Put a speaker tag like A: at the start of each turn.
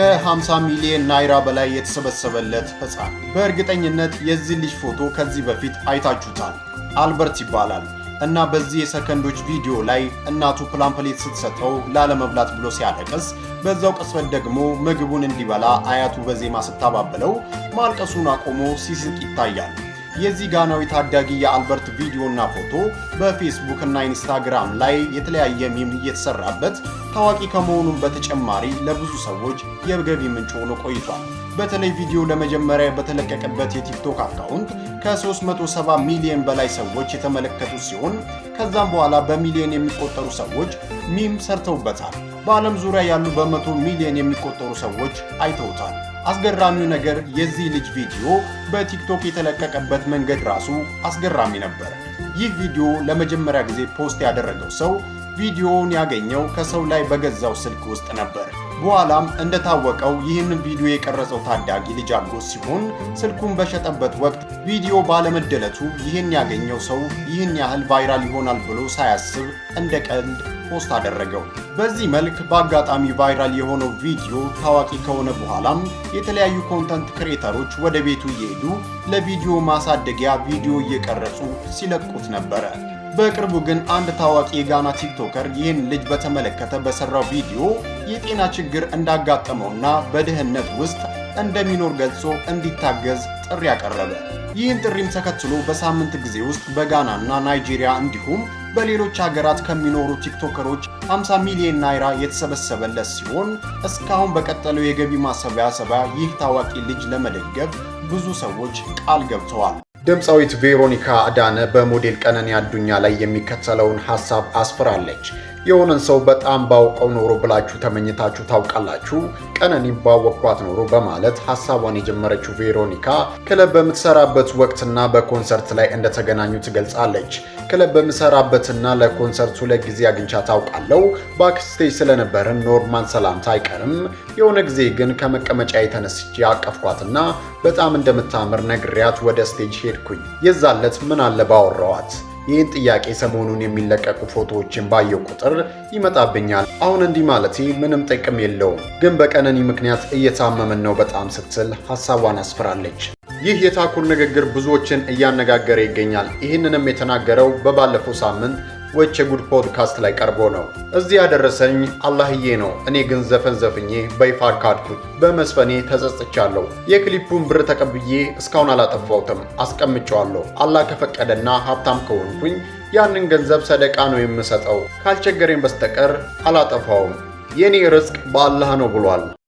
A: ከ50 ሚሊዮን ናይራ በላይ የተሰበሰበለት ህፃን በእርግጠኝነት የዚህ ልጅ ፎቶ ከዚህ በፊት አይታችሁታል። አልበርት ይባላል እና በዚህ የሰከንዶች ቪዲዮ ላይ እናቱ ፕላምፕሌት ስትሰጠው ላለመብላት ብሎ ሲያለቅስ፣ በዛው ቅጽበት ደግሞ ምግቡን እንዲበላ አያቱ በዜማ ስታባብለው ማልቀሱን አቆሞ ሲስቅ ይታያል። የዚህ ጋናዊ ታዳጊ የአልበርት እና ፎቶ በፌስቡክ እና ኢንስታግራም ላይ የተለያየ ሚም እየተሰራበት ታዋቂ ከመሆኑም በተጨማሪ ለብዙ ሰዎች የገቢ ምንጭ ሆኖ ቆይቷል። በተለይ ቪዲዮ ለመጀመሪያ በተለቀቀበት የቲክቶክ አካውንት ከ370 ሚሊዮን በላይ ሰዎች የተመለከቱ ሲሆን ከዛም በኋላ በሚሊዮን የሚቆጠሩ ሰዎች ሚም ሰርተውበታል። በዓለም ዙሪያ ያሉ በመቶ ሚሊዮን የሚቆጠሩ ሰዎች አይተውታል። አስገራሚው ነገር የዚህ ልጅ ቪዲዮ በቲክቶክ የተለቀቀበት መንገድ ራሱ አስገራሚ ነበር። ይህ ቪዲዮ ለመጀመሪያ ጊዜ ፖስት ያደረገው ሰው ቪዲዮውን ያገኘው ከሰው ላይ በገዛው ስልክ ውስጥ ነበር። በኋላም እንደታወቀው ይህንን ቪዲዮ የቀረጸው ታዳጊ ልጅ አጎት ሲሆን ስልኩን በሸጠበት ወቅት ቪዲዮ ባለመደለቱ ይህን ያገኘው ሰው ይህን ያህል ቫይራል ይሆናል ብሎ ሳያስብ እንደ ቀልድ ፖስት አደረገው። በዚህ መልክ በአጋጣሚ ቫይራል የሆነው ቪዲዮ ታዋቂ ከሆነ በኋላም የተለያዩ ኮንተንት ክሬተሮች ወደ ቤቱ እየሄዱ ለቪዲዮ ማሳደጊያ ቪዲዮ እየቀረጹ ሲለቁት ነበረ። በቅርቡ ግን አንድ ታዋቂ የጋና ቲክቶከር ይህን ልጅ በተመለከተ በሰራው ቪዲዮ የጤና ችግር እንዳጋጠመውና በድህነት ውስጥ እንደሚኖር ገልጾ እንዲታገዝ ጥሪ አቀረበ። ይህን ጥሪም ተከትሎ በሳምንት ጊዜ ውስጥ በጋናና ናይጄሪያ እንዲሁም በሌሎች ሀገራት ከሚኖሩ ቲክቶከሮች 50 ሚሊዮን ናይራ የተሰበሰበለት ሲሆን እስካሁን በቀጠለው የገቢ ማሰባሰቢያ ይህ ታዋቂ ልጅ ለመደገፍ ብዙ ሰዎች ቃል ገብተዋል።
B: ድምፃዊት ቬሮኒካ አዳነ በሞዴል ቀነኒ አዱኛ ላይ የሚከተለውን ሀሳብ አስፍራለች። የሆነን ሰው በጣም ባውቀው ኖሮ ብላችሁ ተመኝታችሁ ታውቃላችሁ? ቀነኒ ባወቅኳት ኖሮ በማለት ሀሳቧን የጀመረችው ቬሮኒካ ክለብ በምትሰራበት ወቅትና በኮንሰርት ላይ እንደተገናኙ ትገልጻለች። ክለብ በምሰራበትና ለኮንሰርቱ ለጊዜ አግንቻ አግኝቻ ታውቃለሁ። ባክስቴጅ ስለነበርን ኖርማን ሰላምታ አይቀርም። የሆነ ጊዜ ግን ከመቀመጫ የተነስች አቀፍኳትና በጣም እንደምታምር ነግሪያት ወደ ስቴጅ ሄድኩኝ። የዛለት ምን አለ ባወራዋት ይህን ጥያቄ ሰሞኑን የሚለቀቁ ፎቶዎችን ባየው ቁጥር ይመጣብኛል። አሁን እንዲህ ማለቴ ምንም ጥቅም የለውም፣ ግን በቀነኒ ምክንያት እየታመምን ነው በጣም ስትል ሀሳቧን አስፍራለች። ይህ የታኩር ንግግር ብዙዎችን እያነጋገረ ይገኛል። ይህንንም የተናገረው በባለፈው ሳምንት ወቼ ጉድ ፖድካስት ላይ ቀርቦ ነው። እዚህ ያደረሰኝ አላህዬ ነው። እኔ ግን ዘፈን ዘፍኜ በይፋ ካድኩት። በመስፈኔ ተጸጽቻለሁ። የክሊፑን ብር ተቀብዬ እስካሁን አላጠፋውትም አስቀምጨዋለሁ። አላህ ከፈቀደና ሀብታም ከሆንኩኝ ያንን ገንዘብ ሰደቃ ነው የምሰጠው። ካልቸገረኝ በስተቀር አላጠፋውም። የእኔ ርዝቅ በአላህ ነው ብሏል።